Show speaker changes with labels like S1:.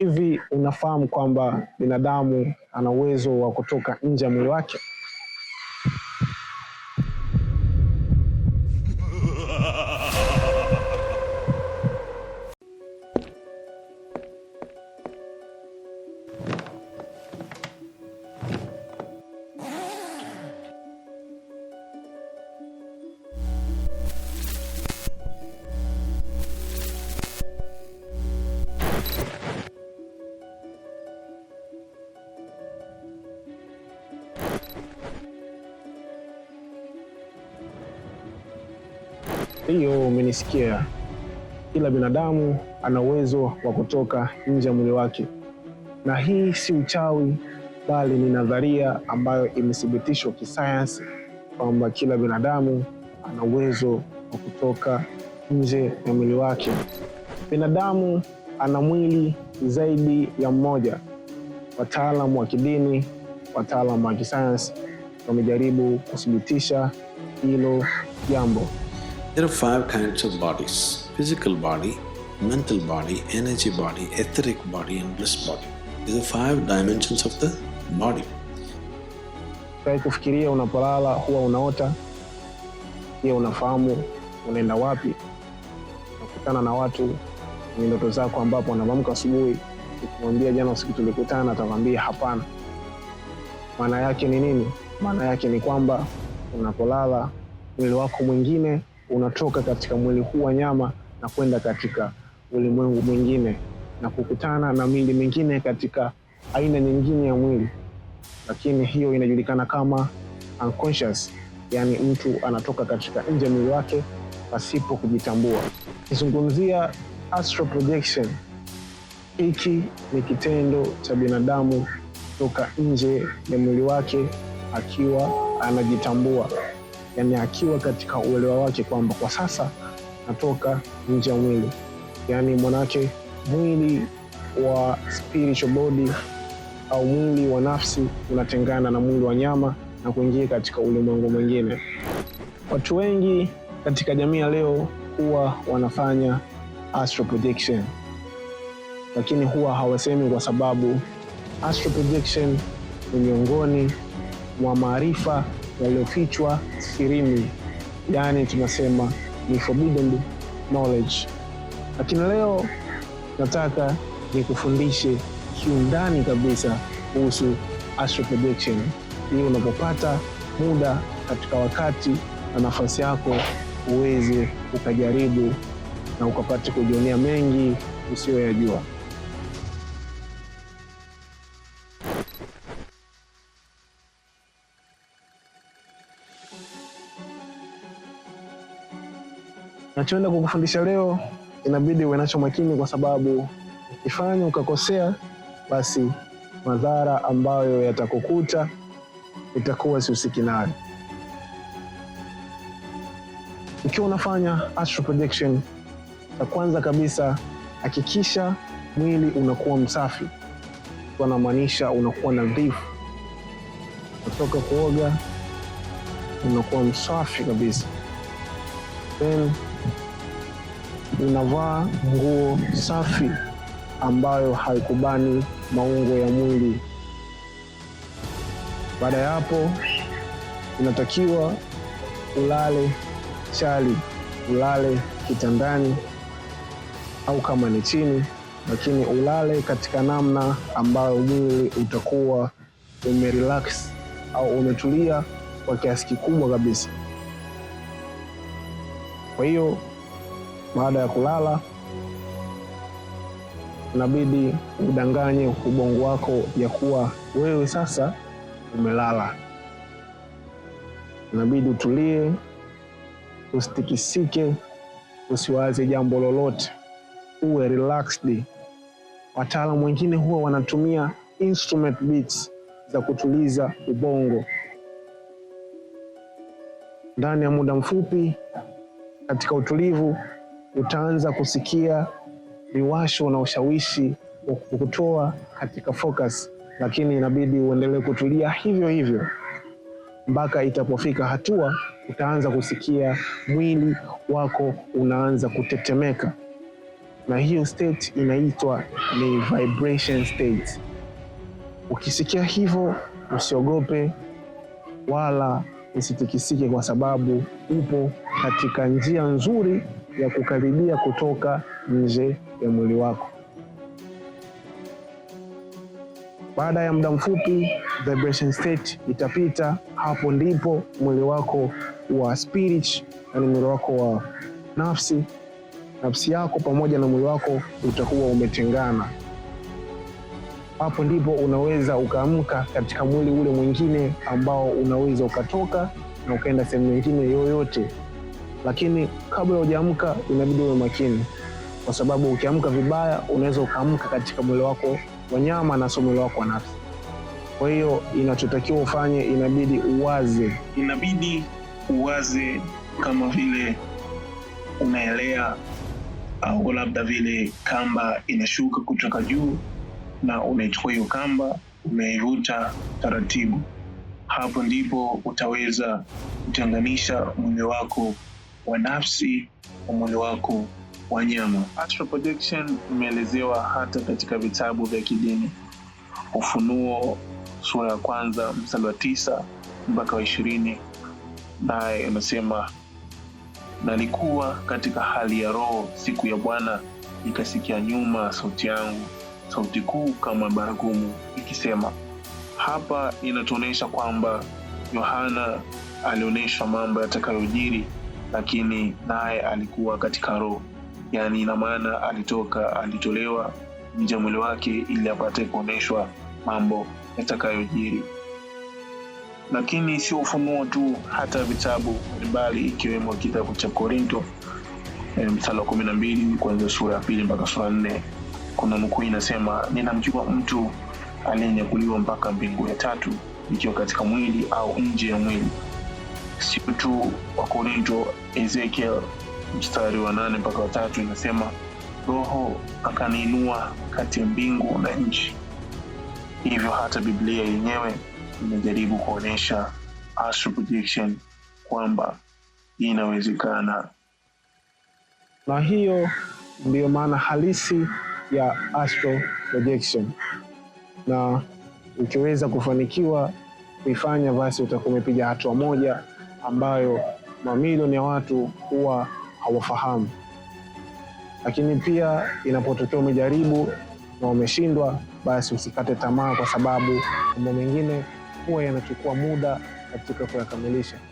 S1: Hivi unafahamu kwamba binadamu ana uwezo wa kutoka nje ya mwili wake? hiyo umenisikia. Kila binadamu ana uwezo wa kutoka nje ya mwili wake, na hii si uchawi, bali ni nadharia ambayo imethibitishwa kisayansi kwamba kila binadamu ana uwezo wa kutoka nje ya mwili wake. Binadamu ana mwili zaidi ya mmoja. Wataalamu wa kidini, wataalamu wa kisayansi wamejaribu kuthibitisha hilo jambo.
S2: There are five kinds of bodies physical body, mental body, energy body, etheric body, and bliss body. These are five dimensions of the body.
S1: kufikiria unapolala huwa unaota pia unafahamu unaenda wapi nakutana na watu enye ndoto zako ambapo anavamka asubuhi ukimwambia jana usiku tulikutana atakwambia hapana maana yake ni nini maana yake ni kwamba unapolala mwili wako mwingine unatoka katika mwili huu wa nyama na kwenda katika ulimwengu mwingine na kukutana na mili mingine katika aina nyingine ya mwili, lakini hiyo inajulikana kama unconscious, yaani mtu anatoka katika nje ya mwili wake pasipo kujitambua. Kizungumzia astral projection, hiki ni kitendo cha binadamu kutoka nje ya mwili wake akiwa anajitambua yani akiwa katika uelewa wake kwamba kwa sasa natoka nje ya mwili, yani mwanake mwili wa spiritual body au mwili wa nafsi unatengana na mwili wa nyama na kuingia katika ulimwengu mwingine. Watu wengi katika jamii ya leo huwa wanafanya astral projection, lakini huwa hawasemi kwa sababu astral projection ni miongoni mwa maarifa yaliyofichwa sirini, yaani tunasema ni forbidden knowledge. Lakini leo nataka nikufundishe kiundani kabisa kuhusu astral projection ili unapopata muda katika wakati na nafasi yako uweze ukajaribu na ukapate kujionea mengi usiyoyajua. nachoenda kukufundisha leo inabidi uwe nacho makini, kwa sababu ukifanya ukakosea, basi madhara ambayo yatakukuta itakuwa sihusiki nayo. Ukiwa unafanya astral projection, cha kwanza kabisa hakikisha mwili unakuwa msafi, wanamaanisha unakuwa nadhifu, kutoka kuoga unakuwa msafi kabisa then unavaa nguo safi ambayo haikubani maungo ya mwili. Baada ya hapo, unatakiwa ulale chali, ulale kitandani au kama ni chini, lakini ulale katika namna ambayo mwili utakuwa umerelax au umetulia kwa kiasi kikubwa kabisa. Kwa hiyo baada ya kulala, inabidi udanganye ubongo wako ya kuwa wewe sasa umelala. Inabidi utulie, usitikisike, usiwaze jambo lolote, uwe relaxed. Wataalamu wengine huwa wanatumia instrument beats za kutuliza ubongo. Ndani ya muda mfupi, katika utulivu utaanza kusikia miwasho na ushawishi wa kukutoa katika focus, lakini inabidi uendelee kutulia hivyo hivyo mpaka itapofika hatua utaanza kusikia mwili wako unaanza kutetemeka, na hiyo state inaitwa ni vibration state. Ukisikia hivyo, usiogope wala usitikisike, kwa sababu upo katika njia nzuri ya kukaribia kutoka nje ya mwili wako. Baada ya muda mfupi vibration state itapita. Hapo ndipo mwili wako wa spirit, yani mwili wako wa nafsi, nafsi yako pamoja na mwili wako utakuwa umetengana. Hapo ndipo unaweza ukaamka katika mwili ule mwingine ambao unaweza ukatoka na ukaenda sehemu nyingine yoyote lakini kabla hujaamka inabidi uwe makini, kwa sababu ukiamka vibaya unaweza ukaamka katika mwili wako wanyama na sio mwili wako wa nafsi. Kwa hiyo inachotakiwa ufanye, inabidi uwaze,
S2: inabidi uwaze kama vile unaelea au labda vile kamba inashuka kutoka juu, na unaichukua hiyo kamba unaivuta taratibu. Hapo ndipo utaweza kutenganisha mwili wako wa nafsi wa mwili wako wa nyama. Astral projection imeelezewa hata katika vitabu vya kidini, Ufunuo sura ya kwanza mstari wa tisa mpaka wa ishirini naye unasema nalikuwa katika hali ya roho siku ya Bwana, ikasikia nyuma sauti yangu, sauti kuu kama baragumu ikisema. Hapa inatuonyesha kwamba Yohana alionyeshwa mambo yatakayojiri lakini naye alikuwa katika roho, yaani ina maana alitoka, alitolewa nje mwili wake ili apate kuonyeshwa mambo yatakayojiri. Lakini sio ufunuo tu, hata vitabu mbalimbali ikiwemo kitabu cha Korinto eh, msala wa kumi na mbili kuanzia sura ya pili mpaka sura nne kuna nukuu inasema, ninamjua mtu aliyenyakuliwa mpaka mbingu ya tatu, ikiwa katika mwili au nje ya mwili sio tu Wakorinto. Ezekiel mstari wa nane mpaka watatu inasema Roho akaniinua kati ya mbingu na nchi. Hivyo hata Biblia yenyewe imejaribu kuonyesha kwamba inawezekana,
S1: na hiyo ndiyo maana halisi ya astral Na ukiweza kufanikiwa kuifanya, basi utakuwa umepiga hatua moja ambayo mamilioni ya watu huwa hawafahamu, lakini pia inapotokea umejaribu na umeshindwa, basi usikate tamaa, kwa sababu mambo mengine huwa yanachukua muda katika kuyakamilisha.